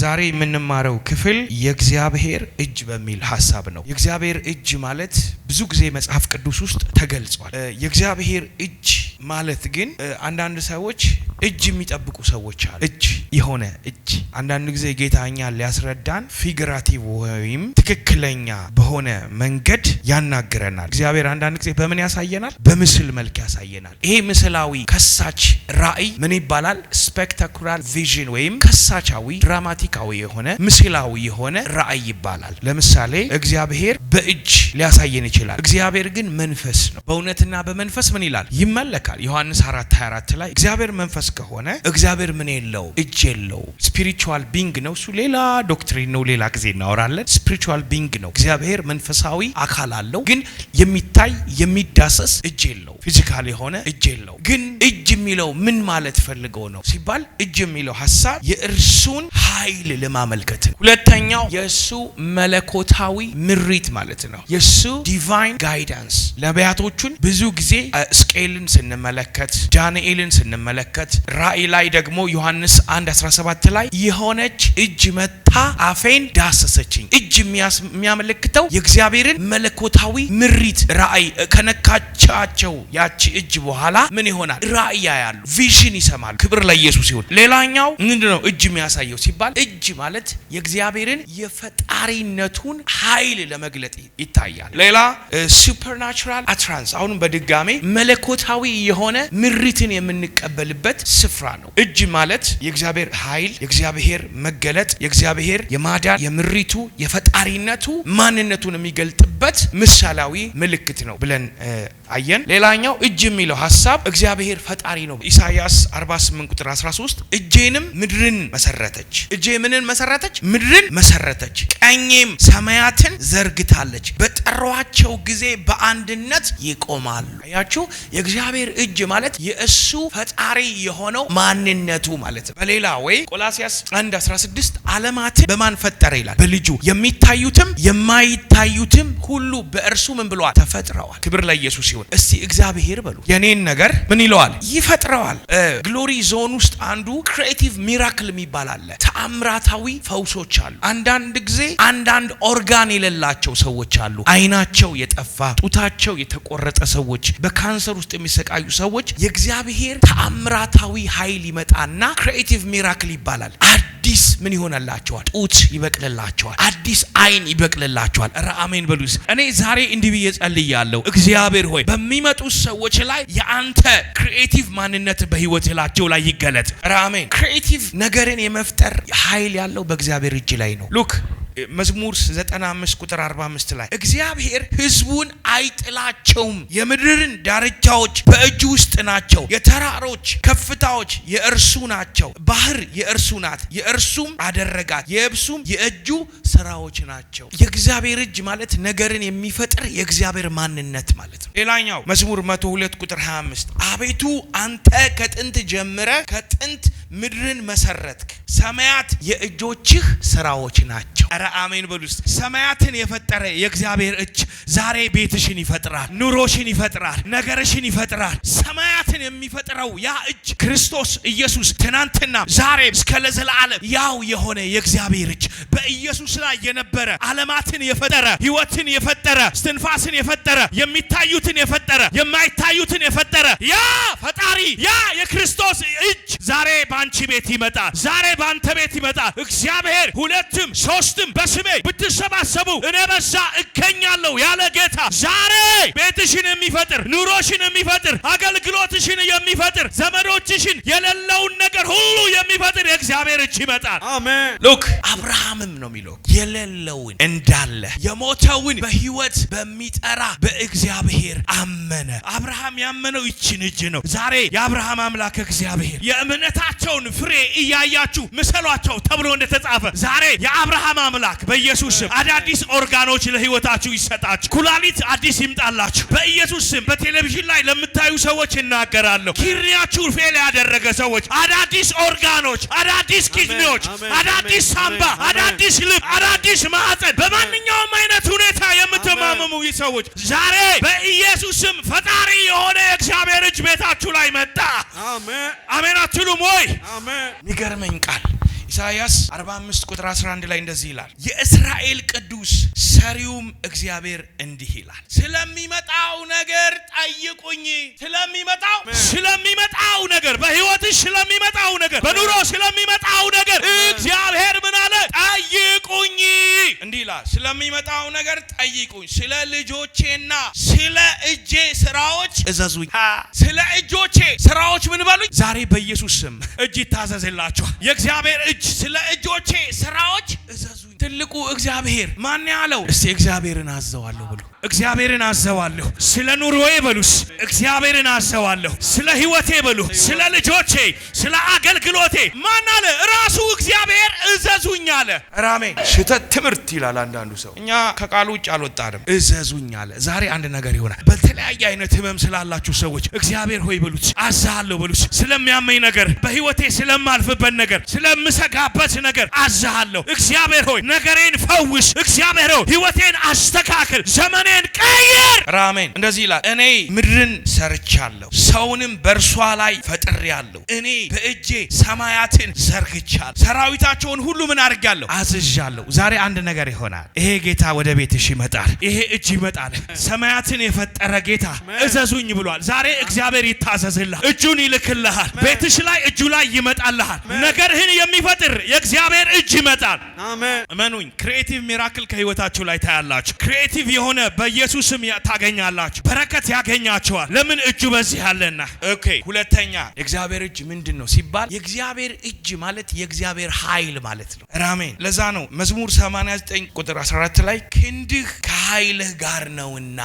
ዛሬ የምንማረው ክፍል የእግዚአብሔር እጅ በሚል ሀሳብ ነው። የእግዚአብሔር እጅ ማለት ብዙ ጊዜ መጽሐፍ ቅዱስ ውስጥ ተገልጿል። የእግዚአብሔር እጅ ማለት ግን አንዳንድ ሰዎች እጅ የሚጠብቁ ሰዎች አሉ። እጅ የሆነ እጅ አንዳንድ ጊዜ ጌታ ሊያስረዳን ፊግራቲቭ ወይም ትክክለኛ በሆነ መንገድ ያናግረናል። እግዚአብሔር አንዳንድ ጊዜ በምን ያሳየናል? በምስል መልክ ያሳየናል። ይሄ ምስላዊ ከሳች ራእይ ምን ይባላል? ስፔክታኩላር ቪዥን ወይም ከሳቻዊ ድራማቲክ ፖለቲካዊ የሆነ ምስላዊ የሆነ ራእይ ይባላል። ለምሳሌ እግዚአብሔር በእጅ ሊያሳየን ይችላል። እግዚአብሔር ግን መንፈስ ነው። በእውነትና በመንፈስ ምን ይላል? ይመለካል። ዮሐንስ 4 24 ላይ እግዚአብሔር መንፈስ ከሆነ እግዚአብሔር ምን የለው? እጅ የለው። ስፒሪቹዋል ቢንግ ነው። እሱ ሌላ ዶክትሪን ነው፣ ሌላ ጊዜ እናወራለን። ስፒሪቹዋል ቢንግ ነው። እግዚአብሔር መንፈሳዊ አካል አለው፣ ግን የሚታይ የሚዳሰስ እጅ የለው። ፊዚካል የሆነ እጅ የለው። ግን እጅ የሚለው ምን ማለት ፈልገው ነው ሲባል እጅ የሚለው ሀሳብ የእርሱን ሀይ ኃይል ለማመልከት ነው። ሁለተኛው የእሱ መለኮታዊ ምሪት ማለት ነው። የእሱ ዲቫይን ጋይዳንስ ነቢያቶቹን ብዙ ጊዜ እስቄልን ስንመለከት፣ ዳንኤልን ስንመለከት፣ ራእይ ላይ ደግሞ ዮሐንስ 1 17 ላይ የሆነች እጅ መጥ አፌን ዳሰሰችኝ። እጅ የሚያመለክተው የእግዚአብሔርን መለኮታዊ ምሪት ራእይ ከነካቻቸው ያቺ እጅ በኋላ ምን ይሆናል? ራእይ ያያሉ፣ ቪዥን ይሰማሉ። ክብር ለኢየሱስ ይሁን። ሌላኛው ምንድን ነው እጅ የሚያሳየው ሲባል እጅ ማለት የእግዚአብሔርን የፈጣሪነቱን ኃይል ለመግለጥ ይታያል። ሌላ ሱፐርናቹራል አትራንስ፣ አሁንም በድጋሜ መለኮታዊ የሆነ ምሪትን የምንቀበልበት ስፍራ ነው። እጅ ማለት የእግዚአብሔር ኃይል፣ የእግዚአብሔር መገለጥ፣ የእግዚአብሔር እግዚአብሔር የማዳን የምሪቱ የፈጣሪነቱ ማንነቱን የሚገልጥ የሚሆንበት ምሳሌያዊ ምልክት ነው ብለን አየን። ሌላኛው እጅ የሚለው ሀሳብ እግዚአብሔር ፈጣሪ ነው። ኢሳያስ 48 ቁጥር 13 እጄንም ምድርን መሰረተች። እጄ ምንን መሰረተች? ምድርን መሰረተች፣ ቀኜም ሰማያትን ዘርግታለች። በጠሯቸው ጊዜ በአንድነት ይቆማሉ። አያችሁ፣ የእግዚአብሔር እጅ ማለት የእሱ ፈጣሪ የሆነው ማንነቱ ማለት ነው። በሌላ ወይ ቆላሲያስ 1 16 አለማትን በማን ፈጠረ ይላል፣ በልጁ የሚታዩትም የማይታዩትም ሁሉ በእርሱ ምን ብለዋል? ተፈጥረዋል። ክብር ለኢየሱስ ይሁን። እስቲ እግዚአብሔር በሉ የኔን ነገር ምን ይለዋል? ይፈጥረዋል። ግሎሪ ዞን ውስጥ አንዱ ክሪኤቲቭ ሚራክል የሚባል አለ። ተአምራታዊ ፈውሶች አሉ። አንዳንድ ጊዜ አንዳንድ ኦርጋን የሌላቸው ሰዎች አሉ። አይናቸው የጠፋ ጡታቸው የተቆረጠ ሰዎች፣ በካንሰር ውስጥ የሚሰቃዩ ሰዎች የእግዚአብሔር ተአምራታዊ ኃይል ይመጣና ክሪኤቲቭ ሚራክል ይባላል። አዲስ ምን ይሆነላቸዋል? ጡት ይበቅልላቸዋል። አዲስ አይን ይበቅልላቸዋል። ኧረ አሜን በሉስ። እኔ ዛሬ እንዲህ ብዬ ጸልያለሁ። እግዚአብሔር ሆይ በሚመጡት ሰዎች ላይ የአንተ ክሪኤቲቭ ማንነት በህይወት ላቸው ላይ ይገለጥ። ኧረ አሜን። ክሪኤቲቭ ነገርን የመፍጠር ኃይል ያለው በእግዚአብሔር እጅ ላይ ነው። ሉክ መዝሙር 95 ቁጥር 45 ላይ እግዚአብሔር ህዝቡን አይጥላቸውም፣ የምድርን ዳርቻዎች በእጁ ውስጥ ናቸው፣ የተራሮች ከፍታዎች የእርሱ ናቸው፣ ባህር የእርሱ ናት፣ የእርሱም አደረጋት፣ የብሱም የእጁ ስራዎች ናቸው። የእግዚአብሔር እጅ ማለት ነገርን የሚፈጥር የእግዚአብሔር ማንነት ማለት ነው። ሌላኛው መዝሙር 102 ቁጥር 25 አቤቱ አንተ ከጥንት ጀምረ ከጥንት ምድርን መሰረትክ፣ ሰማያት የእጆችህ ስራዎች ናቸው። ኧረ አሜን በሉ ውስጥ ሰማያትን የፈጠረ የእግዚአብሔር እጅ ዛሬ ቤትሽን ይፈጥራል፣ ኑሮሽን ይፈጥራል፣ ነገርሽን ይፈጥራል። ሰማያትን የሚፈጥረው ያ እጅ ክርስቶስ ኢየሱስ ትናንትና፣ ዛሬ እስከ ለዘላለም ያው የሆነ የእግዚአብሔር እጅ በኢየሱስ ላይ የነበረ ዓለማትን የፈጠረ ሕይወትን የፈጠረ እስትንፋስን የፈጠረ የሚታዩትን የፈጠረ የማይታዩትን የፈጠረ ያ ፈጣሪ ያ የክርስቶስ እጅ ዛሬ በአንቺ ቤት ይመጣል። ዛሬ በአንተ ቤት ይመጣል። እግዚአብሔር ሁለትም ሶስት በስድም በስሜ ብትሰባሰቡ እኔ በዛ እገኛለሁ ያለ ጌታ ዛሬ ቤትሽን የሚፈጥር ኑሮሽን የሚፈጥር አገልግሎትሽን የሚፈጥር ዘመኑ እጅሽን የሌለውን ነገር ሁሉ የሚፈጥር የእግዚአብሔር እጅ ይመጣል። አሜን። ሉክ አብርሃምም ነው የሚለው የሌለውን እንዳለ የሞተውን በህይወት በሚጠራ በእግዚአብሔር አመነ። አብርሃም ያመነው ይችን እጅ ነው። ዛሬ የአብርሃም አምላክ እግዚአብሔር የእምነታቸውን ፍሬ እያያችሁ ምሰሏቸው ተብሎ እንደተጻፈ ዛሬ የአብርሃም አምላክ በኢየሱስ ስም አዳዲስ ኦርጋኖች ለህይወታችሁ ይሰጣችሁ። ኩላሊት አዲስ ይምጣላችሁ በኢየሱስ ስም። በቴሌቪዥን ላይ ለምታዩ ሰዎች እናገራለሁ ኪድኒያችሁ ፌል ያደረገ ሰዎች አዳዲስ ኦርጋኖች፣ አዳዲስ ኪድኒዎች፣ አዳዲስ ሳምባ፣ አዳዲስ ልብ፣ አዳዲስ ማዕፀን በማንኛውም አይነት ሁኔታ የምትማመሙ ሰዎች ዛሬ በኢየሱስም ፈጣሪ የሆነ የእግዚአብሔር እጅ ቤታችሁ ላይ መጣ። አሜን አትሉም ወይ? ሚገርመኝ ቃል ኢሳይያስ 45 ቁጥር 11 ላይ እንደዚህ ይላል፣ የእስራኤል ቅዱስ ሰሪውም እግዚአብሔር እንዲህ ይላል፣ ስለሚመጣው ነገር ጠይቁኝ። ስለሚመጣው ስለሚመጣው ነገር በህይወትሽ ስለሚመጣው ነገር በኑሮ ስለሚመጣው ነገር ስለሚመጣው ነገር ጠይቁኝ። ስለ ልጆቼና ስለ እጄ ስራዎች እዘዙኝ። ስለ እጆቼ ስራዎች ምን በሉኝ። ዛሬ በኢየሱስ ስም እጅ ይታዘዝላችኋል። የእግዚአብሔር እጅ ስለ እጆቼ ስራዎች እዘዙኝ። ትልቁ እግዚአብሔር ማን ያለው? እስቲ እግዚአብሔርን አዘዋለሁ ብሎ እግዚአብሔርን አዘዋለሁ። ስለ ኑሮዬ በሉስ፣ እግዚአብሔርን አዘዋለሁ። ስለ ህይወቴ በሉ፣ ስለ ልጆቼ፣ ስለ አገልግሎቴ ማን አለ? ራሱ እግዚአብሔር እዘዙኝ አለ። ራሜ ስህተት ትምህርት ይላል አንዳንዱ ሰው። እኛ ከቃሉ ውጭ አልወጣንም። እዘዙኝ አለ። ዛሬ አንድ ነገር ይሆናል። በተለያየ አይነት ህመም ስላላችሁ ሰዎች እግዚአብሔር ሆይ በሉት፣ አዛሃለሁ በሉት። ስለሚያመኝ ነገር፣ በህይወቴ ስለማልፍበት ነገር፣ ስለምሰጋበት ነገር አዛሃለሁ። እግዚአብሔር ሆይ ነገሬን ፈውስ። እግዚአብሔር ሆይ ህይወቴን አስተካክል፣ ዘመኔን ቀይር። ራሜን እንደዚህ ይላል፣ እኔ ምድርን ሰርቻለሁ፣ ሰውንም በእርሷ ላይ ፈጥሬያለሁ። እኔ በእጄ ሰማያትን ዘርግቻለሁ፣ ሰራዊታቸውን ያለውን ሁሉ ምን አድርጋለሁ? አዝዣለሁ። ዛሬ አንድ ነገር ይሆናል። ይሄ ጌታ ወደ ቤትሽ ይመጣል። ይሄ እጅ ይመጣል። ሰማያትን የፈጠረ ጌታ እዘዙኝ ብሏል። ዛሬ እግዚአብሔር ይታዘዝልሃል። እጁን ይልክልሃል። ቤትሽ ላይ እጁ ላይ ይመጣልሃል። ነገርህን የሚፈጥር የእግዚአብሔር እጅ ይመጣል። እመኑኝ፣ ክሪኤቲቭ ሚራክል ከህይወታችሁ ላይ ታያላችሁ። ክሪኤቲቭ የሆነ በኢየሱስም ታገኛላችሁ። በረከት ያገኛችኋል። ለምን እጁ በዚህ አለና። ኦኬ፣ ሁለተኛ የእግዚአብሔር እጅ ምንድን ነው ሲባል የእግዚአብሔር እጅ ማለት የእግዚአብሔር ኃይል ማለት ነው። ራሜን ለዛ ነው መዝሙር 89 ቁጥር 14 ላይ ክንድህ ከኃይልህ ጋር ነውና።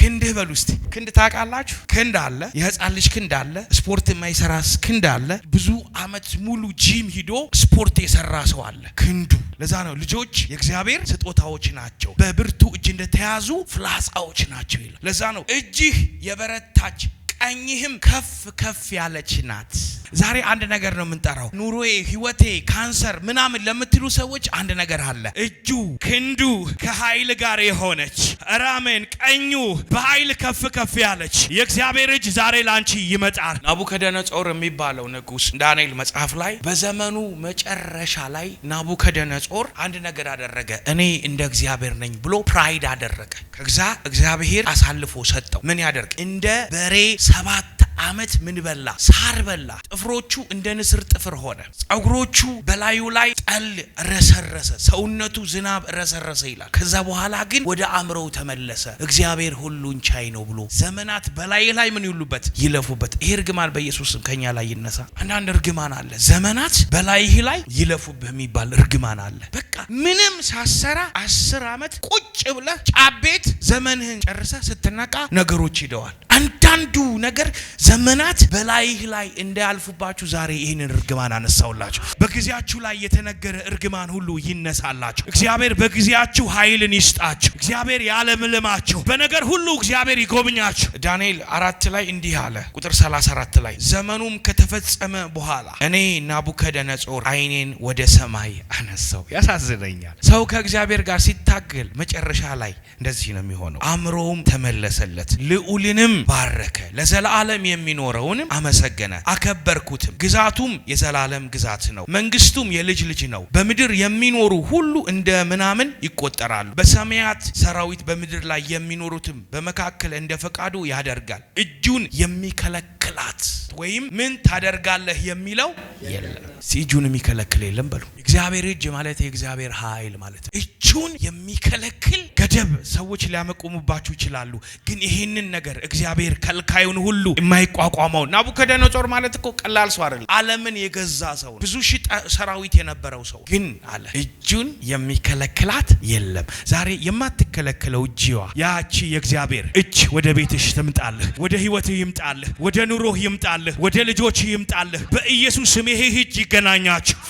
ክንድህ በሉ እስቲ ክንድ ታውቃላችሁ? ክንድ አለ፣ የህፃን ልጅ ክንድ አለ፣ ስፖርት የማይሰራ ክንድ አለ። ብዙ አመት ሙሉ ጂም ሂዶ ስፖርት የሰራ ሰው አለ። ክንዱ ለዛ ነው ልጆች የእግዚአብሔር ስጦታዎች ናቸው፣ በብርቱ እጅ እንደተያዙ ፍላጻዎች ናቸው ይላል። ለዛ ነው እጅህ የበረታች ቀኝህም ከፍ ከፍ ያለች ናት። ዛሬ አንድ ነገር ነው የምንጠራው። ኑሮዬ፣ ህይወቴ፣ ካንሰር ምናምን ለምትሉ ሰዎች አንድ ነገር አለ። እጁ ክንዱ ከኃይል ጋር የሆነች ራሜን ቀኙ በኃይል ከፍ ከፍ ያለች የእግዚአብሔር እጅ ዛሬ ላንቺ ይመጣል። ናቡከደነጾር የሚባለው ንጉስ ዳንኤል መጽሐፍ ላይ በዘመኑ መጨረሻ ላይ ናቡከደነጾር አንድ ነገር አደረገ። እኔ እንደ እግዚአብሔር ነኝ ብሎ ፕራይድ አደረገ። ከዛ እግዚአብሔር አሳልፎ ሰጠው። ምን ያደርግ እንደ በሬ ሰባት ዓመት ምን በላ? ሳር በላ። ጥፍሮቹ እንደ ንስር ጥፍር ሆነ። ጸጉሮቹ በላዩ ላይ ጠል ረሰረሰ፣ ሰውነቱ ዝናብ ረሰረሰ ይላል። ከዛ በኋላ ግን ወደ አእምሮው ተመለሰ። እግዚአብሔር ሁሉን ቻይ ነው ብሎ ዘመናት በላይ ላይ ምን ይሉበት ይለፉበት። ይህ እርግማን በኢየሱስም ከኛ ላይ ይነሳ። አንዳንድ እርግማን አለ፣ ዘመናት በላይህ ላይ ይለፉብህ የሚባል እርግማን አለ። በቃ ምንም ሳሰራ አስር ዓመት ቁጭ ብለህ ጫቤት ዘመንህን ጨርሰህ ስትነቃ ነገሮች ሂደዋል። አንዳንዱ ነገር ዘመናት በላይህ ላይ እንዳያልፉባችሁ ዛሬ ይህንን እርግማን አነሳውላችሁ። በጊዜያችሁ ላይ የተነገረ እርግማን ሁሉ ይነሳላችሁ። እግዚአብሔር በጊዜያችሁ ኃይልን ይስጣችሁ። እግዚአብሔር ያለምልማችሁ። በነገር ሁሉ እግዚአብሔር ይጎብኛችሁ። ዳንኤል አራት ላይ እንዲህ አለ፣ ቁጥር 34 ላይ ዘመኑም ከተፈጸመ በኋላ እኔ ናቡከደነጾር ዓይኔን ወደ ሰማይ አነሳው። ያሳዝነኛል። ሰው ከእግዚአብሔር ጋር ሲታገል መጨረሻ ላይ እንደዚህ ነው የሚሆነው። አእምሮውም ተመለሰለት ልዑልንም ባረከ፣ ለዘላለም የሚኖረውንም አመሰገነ። አከበርኩትም፣ ግዛቱም የዘላለም ግዛት ነው፣ መንግስቱም የልጅ ልጅ ነው። በምድር የሚኖሩ ሁሉ እንደ ምናምን ይቆጠራሉ። በሰማያት ሰራዊት በምድር ላይ የሚኖሩትም በመካከል እንደ ፈቃዱ ያደርጋል። እጁን የሚከለክላት ወይም ምን ታደርጋለህ የሚለው የለም። እጁን የሚከለክል የለም በሉ የእግዚአብሔር እጅ ማለት የእግዚአብሔር ኃይል ማለት ነው። እጁን የሚከለክል ገደብ ሰዎች ሊያመቆሙባቸው ይችላሉ። ግን ይህንን ነገር እግዚአብሔር ከልካዩን ሁሉ የማይቋቋመው ናቡከደነጾር ማለት እኮ ቀላል ሰው አይደለም። ዓለምን የገዛ ሰው ነው። ብዙ ሺህ ሰራዊት የነበረው ሰው ግን አለ እጁን የሚከለክላት የለም። ዛሬ የማትከለክለው እጅዋ ያቺ የእግዚአብሔር እጅ ወደ ቤትሽ ትምጣልህ፣ ወደ ህይወትህ ይምጣልህ፣ ወደ ኑሮህ ይምጣልህ፣ ወደ ልጆች ይምጣልህ። በኢየሱስ ስም ይሄ እጅ ይገናኛችሁ።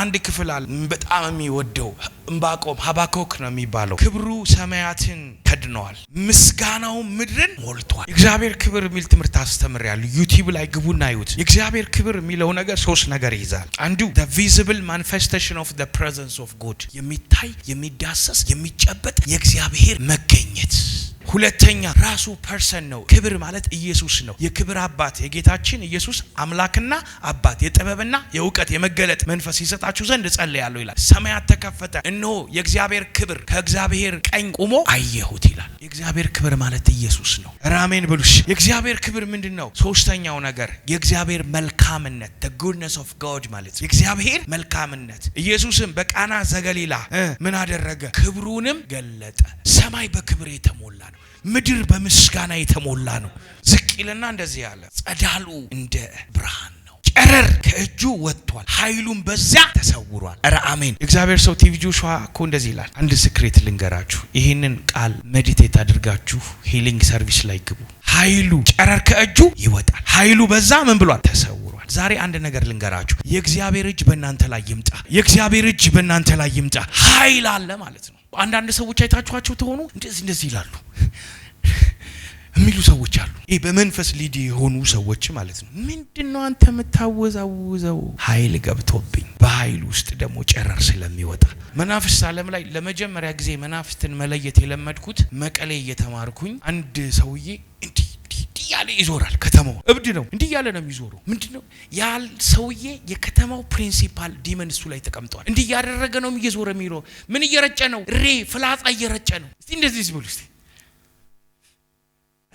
አንድ ክፍል አለ በጣም የሚወደው እምባቆም ሀባኮክ ነው የሚባለው። ክብሩ ሰማያትን ከድነዋል፣ ምስጋናው ምድርን ሞልቷል። የእግዚአብሔር ክብር የሚል ትምህርት አስተምር ያሉ ዩቲዩብ ላይ ግቡና ይዩት። የእግዚአብሔር ክብር የሚለው ነገር ሶስት ነገር ይይዛል። አንዱ ቪዚብል ማኒፌስቴሽን ኦፍ ፕሬዘንስ ኦፍ ጎድ የሚታይ የሚዳሰስ የሚጨበጥ የእግዚአብሔር መገኘት ሁለተኛ ራሱ ፐርሰን ነው። ክብር ማለት ኢየሱስ ነው። የክብር አባት የጌታችን ኢየሱስ አምላክና አባት የጥበብና የእውቀት የመገለጥ መንፈስ ይሰጣችሁ ዘንድ እጸልያለሁ ይላል። ሰማያት ተከፈተ፣ እነሆ የእግዚአብሔር ክብር ከእግዚአብሔር ቀኝ ቁሞ አየሁት። ይላል። የእግዚአብሔር ክብር ማለት ኢየሱስ ነው። ራሜን ብሉሽ። የእግዚአብሔር ክብር ምንድን ነው? ሶስተኛው ነገር የእግዚአብሔር መልካምነት the goodness of God ማለት ነው። የእግዚአብሔር መልካምነት ኢየሱስም በቃና ዘገሊላ ምን አደረገ? ክብሩንም ገለጠ። ሰማይ በክብር የተሞላ ነው። ምድር በምስጋና የተሞላ ነው። ዝቅ ይልና እንደዚህ ያለ ጸዳሉ እንደ ብርሃን ነገር ከእጁ ወጥቷል፣ ኃይሉም በዚያ ተሰውሯል። ረ አሜን። እግዚአብሔር ሰው ቲቪ ጆሹዋ እኮ እንደዚህ ይላል። አንድ ስክሬት ልንገራችሁ። ይህንን ቃል መዲቴት አድርጋችሁ ሂሊንግ ሰርቪስ ላይ ግቡ። ኃይሉ ጨረር ከእጁ ይወጣል፣ ኃይሉ በዛ ምን ብሏል? ተሰውሯል። ዛሬ አንድ ነገር ልንገራችሁ። የእግዚአብሔር እጅ በእናንተ ላይ ይምጣ። የእግዚአብሔር እጅ በእናንተ ላይ ይምጣ። ኃይል አለ ማለት ነው። አንዳንድ ሰዎች አይታችኋቸው ተሆኑ እንደዚህ እንደዚህ ይላሉ የሚሉ ሰዎች አሉ። ይህ በመንፈስ ሊድ የሆኑ ሰዎች ማለት ነው። ምንድን ነው አንተ የምታወዛውዘው? ኃይል ገብቶብኝ በኃይል ውስጥ ደግሞ ጨረር ስለሚወጣ መናፍስት ዓለም ላይ ለመጀመሪያ ጊዜ መናፍስትን መለየት የለመድኩት መቀሌ እየተማርኩኝ አንድ ሰውዬ እንዲህ እያለ ይዞራል። ከተማው እብድ ነው፣ እንዲህ እያለ ነው የሚዞረው። ምንድን ነው ያል ሰውዬ የከተማው ፕሪንሲፓል ዲመን እሱ ላይ ተቀምጧል። እንዲህ እያደረገ ነው እየዞረ የሚለው ምን እየረጨ ነው? ሬ ፍላጻ እየረጨ ነው። እስቲ እንደዚህ ዝብል እስቲ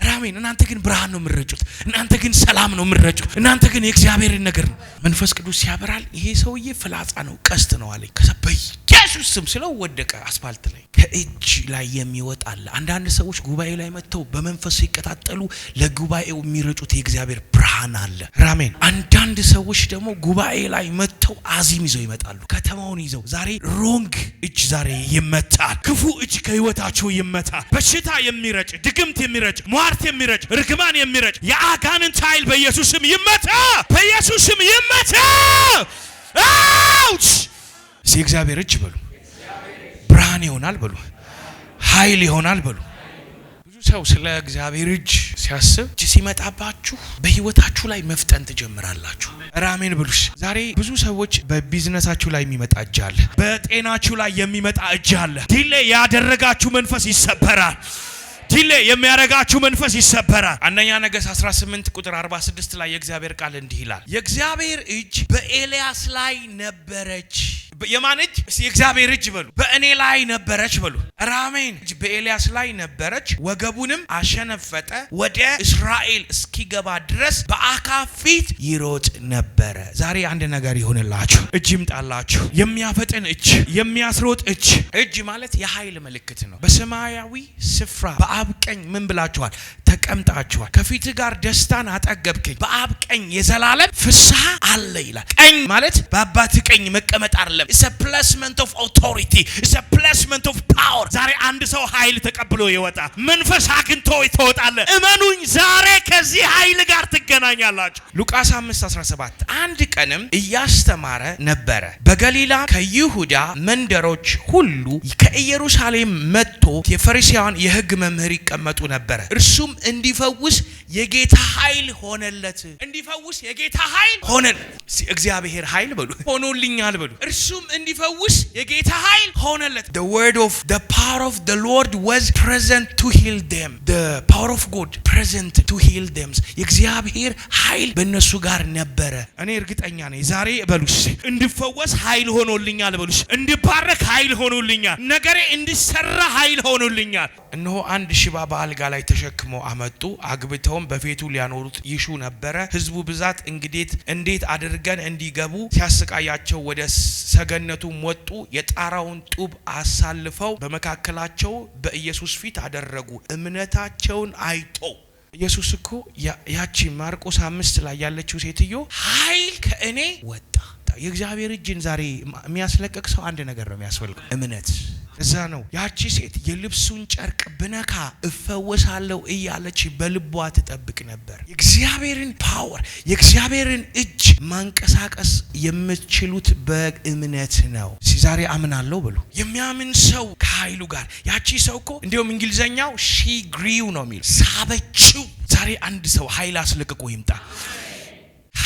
ራሜን እናንተ ግን ብርሃን ነው የምረጩት። እናንተ ግን ሰላም ነው የምረጩት። እናንተ ግን የእግዚአብሔርን ነገር ነው። መንፈስ ቅዱስ ያበራል። ይሄ ሰውዬ ፍላጻ ነው ቀስት ነው አለኝ። ከሰበይ ኢየሱስ ስም ስለው ወደቀ አስፋልት ላይ ከእጅ ላይ የሚወጣ አለ። አንዳንድ ሰዎች ጉባኤ ላይ መጥተው በመንፈስ ሲቀጣጠሉ ለጉባኤው የሚረጩት የእግዚአብሔር ብርሃን አለ። ራሜን አንዳንድ ሰዎች ደግሞ ጉባኤ ላይ መጥተው አዚም ይዘው ይመጣሉ። ከተማውን ይዘው ዛሬ ሮንግ እጅ ዛሬ ይመታል። ክፉ እጅ ከህይወታቸው ይመታል። በሽታ የሚረጭ ድግምት የሚረጭ ሟርት የሚረጭ ርግማን የሚረጭ የአጋንንት ኃይል በኢየሱስም ይመታ፣ በኢየሱስም ይመታ። አውች እዚህ እግዚአብሔር እጅ በሉ፣ ብርሃን ይሆናል በሉ፣ ኃይል ይሆናል በሉ። ብዙ ሰው ስለ እግዚአብሔር እጅ ሲያስብ እጅ ሲመጣባችሁ በህይወታችሁ ላይ መፍጠን ትጀምራላችሁ። ራሜን ብሉሽ ዛሬ ብዙ ሰዎች በቢዝነሳችሁ ላይ የሚመጣ እጅ አለ፣ በጤናችሁ ላይ የሚመጣ እጅ አለ። ዲሌ ያደረጋችሁ መንፈስ ይሰበራል። ዲሌ የሚያረጋችሁ መንፈስ ይሰበራል። አንደኛ ነገሥት 18 ቁጥር 46 ላይ የእግዚአብሔር ቃል እንዲህ ይላል፣ የእግዚአብሔር እጅ በኤልያስ ላይ ነበረች የማን እጅ? የእግዚአብሔር እጅ በሉ። በእኔ ላይ ነበረች በሉ። ራሜን እጅ በኤልያስ ላይ ነበረች፣ ወገቡንም አሸነፈጠ፣ ወደ እስራኤል እስኪገባ ድረስ በአካብ ፊት ይሮጥ ነበረ። ዛሬ አንድ ነገር ይሆንላችሁ፣ እጅ ይምጣላችሁ። የሚያፈጥን እጅ፣ የሚያስሮጥ እጅ። እጅ ማለት የኃይል ምልክት ነው። በሰማያዊ ስፍራ በአብ ቀኝ ምን ብላችኋል? ተቀምጣችኋል። ከፊት ጋር ደስታን አጠገብከኝ፣ በአብ ቀኝ የዘላለም ፍስሐ አለ ይላል። ቀኝ ማለት በአባት ቀኝ መቀመጥ አለም። ኢስ ፕሌስመንት ኦፍ ኦቶሪቲ፣ ኢስ ፕሌስመንት ኦፍ ፓወር። ዛሬ አንድ ሰው ኃይል ተቀብሎ ይወጣ፣ መንፈስ አግኝቶ ትወጣለ። እመኑኝ፣ ዛሬ ከዚህ ኃይል ጋር ትገናኛላችሁ። ሉቃስ 5:17 አንድ ቀንም እያስተማረ ነበረ በገሊላ ከይሁዳ መንደሮች ሁሉ ከኢየሩሳሌም መጥቶ የፈሪሳውያን የሕግ መምህር ይቀመጡ ነበረ። እርሱም እንዲፈውስ የጌታ ኃይል ሆነለት። እንዲፈውስ የጌታ ኃይል ሆነለት። እግዚአብሔር ኃይል በሉ ሆኖልኛል በሉ። እርሱም እንዲፈውስ የጌታ ኃይል ሆነለት። the word of the power of the lord was present to heal them the power of god present to heal them የእግዚአብሔር ኃይል በእነሱ ጋር ነበረ። እኔ እርግጠኛ ነኝ ዛሬ በሉስ እንድፈወስ ኃይል ሆኖልኛል በሉስ እንድባረክ ኃይል ሆኖልኛል ነገሬ እንድሰራ ኃይል ሆኖልኛል። እነሆ አንድ ሽባ በአልጋ ላይ ተሸክሞ አመጡ። አግብተውም በፊቱ ሊያኖሩት ይሹ ነበረ። ህዝቡ ብዛት እንግዴት እንዴት አድርገን እንዲገቡ ሲያሰቃያቸው ወደ ሰገነቱ ወጡ። የጣራውን ጡብ አሳልፈው በመካከላቸው በኢየሱስ ፊት አደረጉ። እምነታቸውን አይቶ ኢየሱስ እኮ ያቺ ማርቆስ አምስት ላይ ያለችው ሴትዮ ኃይል ከእኔ ወጣ። የእግዚአብሔር እጅን ዛሬ የሚያስለቅቅ ሰው አንድ ነገር ነው የሚያስፈልገው እምነት እዛ ነው ያቺ ሴት የልብሱን ጨርቅ ብነካ እፈወሳለሁ እያለች በልቧ ትጠብቅ ነበር። የእግዚአብሔርን ፓወር የእግዚአብሔርን እጅ ማንቀሳቀስ የምትችሉት በእምነት ነው። ሲዛሬ ዛሬ አምናለሁ ብሉ የሚያምን ሰው ከኃይሉ ጋር ያቺ ሰው እኮ እንዲሁም እንግሊዘኛው ሺ ግሪው ነው የሚሉ ሳበችው። ዛሬ አንድ ሰው ኃይል አስለቅቆ ይምጣ።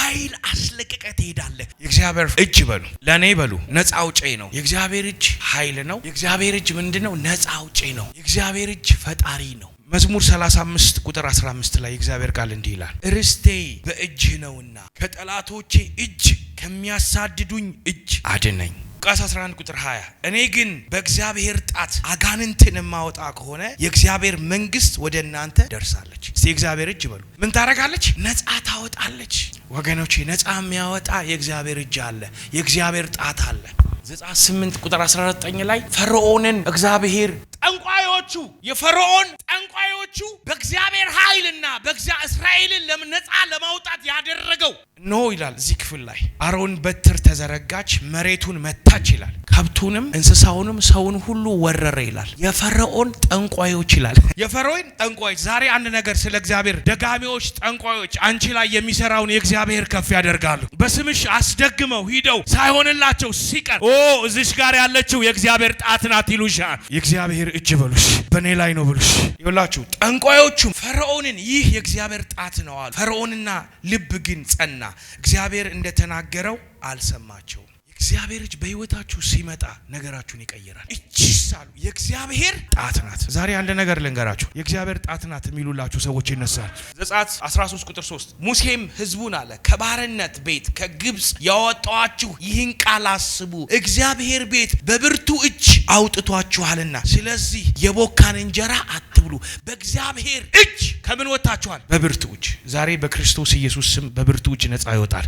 ኃይል አስለቀቀ ትሄዳለህ። የእግዚአብሔር እጅ በሉ ለእኔ በሉ ነፃ አውጪ ነው። የእግዚአብሔር እጅ ኃይል ነው። የእግዚአብሔር እጅ ምንድን ነው? ነፃ አውጪ ነው። የእግዚአብሔር እጅ ፈጣሪ ነው። መዝሙር 35 ቁጥር 15 ላይ የእግዚአብሔር ቃል እንዲህ ይላል፣ ርስቴ በእጅ ነውና ከጠላቶቼ እጅ ከሚያሳድዱኝ እጅ አድነኝ። ሉቃስ 11 ቁጥር 20 እኔ ግን በእግዚአብሔር ጣት አጋንንትን የማወጣ ከሆነ የእግዚአብሔር መንግስት ወደ እናንተ ደርሳለች። እስቲ የእግዚአብሔር እጅ በሉ ምን ታረጋለች? ነጻ ታወጣለች። ወገኖች ነጻ የሚያወጣ የእግዚአብሔር እጅ አለ፣ የእግዚአብሔር ጣት አለ። ዘጸአት 8 ቁጥር 19 ላይ ፈርዖንን እግዚአብሔር ጠንቋዮቹ የፈርዖን ጠንቋዮቹ በእግዚአብሔር ኃይልና በእግዚአብሔር እስራኤልን ነጻ ለማውጣት ያደረገው ኖ ይላል እዚህ ክፍል ላይ አሮን በትር ተዘረጋች፣ መሬቱን መታች ይላል። ከብቱንም እንስሳውንም ሰውን ሁሉ ወረረ ይላል። የፈርዖን ጠንቋዮች ይላል። የፈርዖን ጠንቋዮች። ዛሬ አንድ ነገር ስለ እግዚአብሔር ደጋሚዎች፣ ጠንቋዮች አንቺ ላይ የሚሰራውን የእግዚአብሔር ከፍ ያደርጋሉ። በስምሽ አስደግመው ሂደው ሳይሆንላቸው ሲቀር ኦ እዚሽ ጋር ያለችው የእግዚአብሔር ጣት ናት ይሉሻል። የእግዚአብሔር እጅ በሉሽ፣ በእኔ ላይ ነው ብሉሽ። ይላችሁ ጠንቋዮቹም ፈርዖንን ይህ የእግዚአብሔር ጣት ነው አሉ። ፈርዖንና ልብ ግን ጸና፣ እግዚአብሔር እንደተናገረው አልሰማቸውም። እግዚአብሔር እጅ በህይወታችሁ ሲመጣ ነገራችሁን ይቀይራል። እቺስ አሉ የእግዚአብሔር ጣት ናት። ዛሬ አንድ ነገር ልንገራችሁ፣ የእግዚአብሔር ጣት ናት የሚሉላችሁ ሰዎች ይነሳል። ዘጸአት 13 ቁጥር 3 ሙሴም ህዝቡን አለ ከባርነት ቤት ከግብፅ ያወጣኋችሁ ይህን ቃል አስቡ፣ እግዚአብሔር ቤት በብርቱ እጅ አውጥቷችኋልና፣ ስለዚህ የቦካን እንጀራ አትብሉ። በእግዚአብሔር እጅ ከምን ወጥታችኋል? በብርቱ እጅ። ዛሬ በክርስቶስ ኢየሱስ ስም በብርቱ እጅ ነፃ ይወጣል።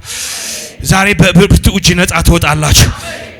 ዛሬ በብርቱ እጅ ነፃ ትወጣላችሁ።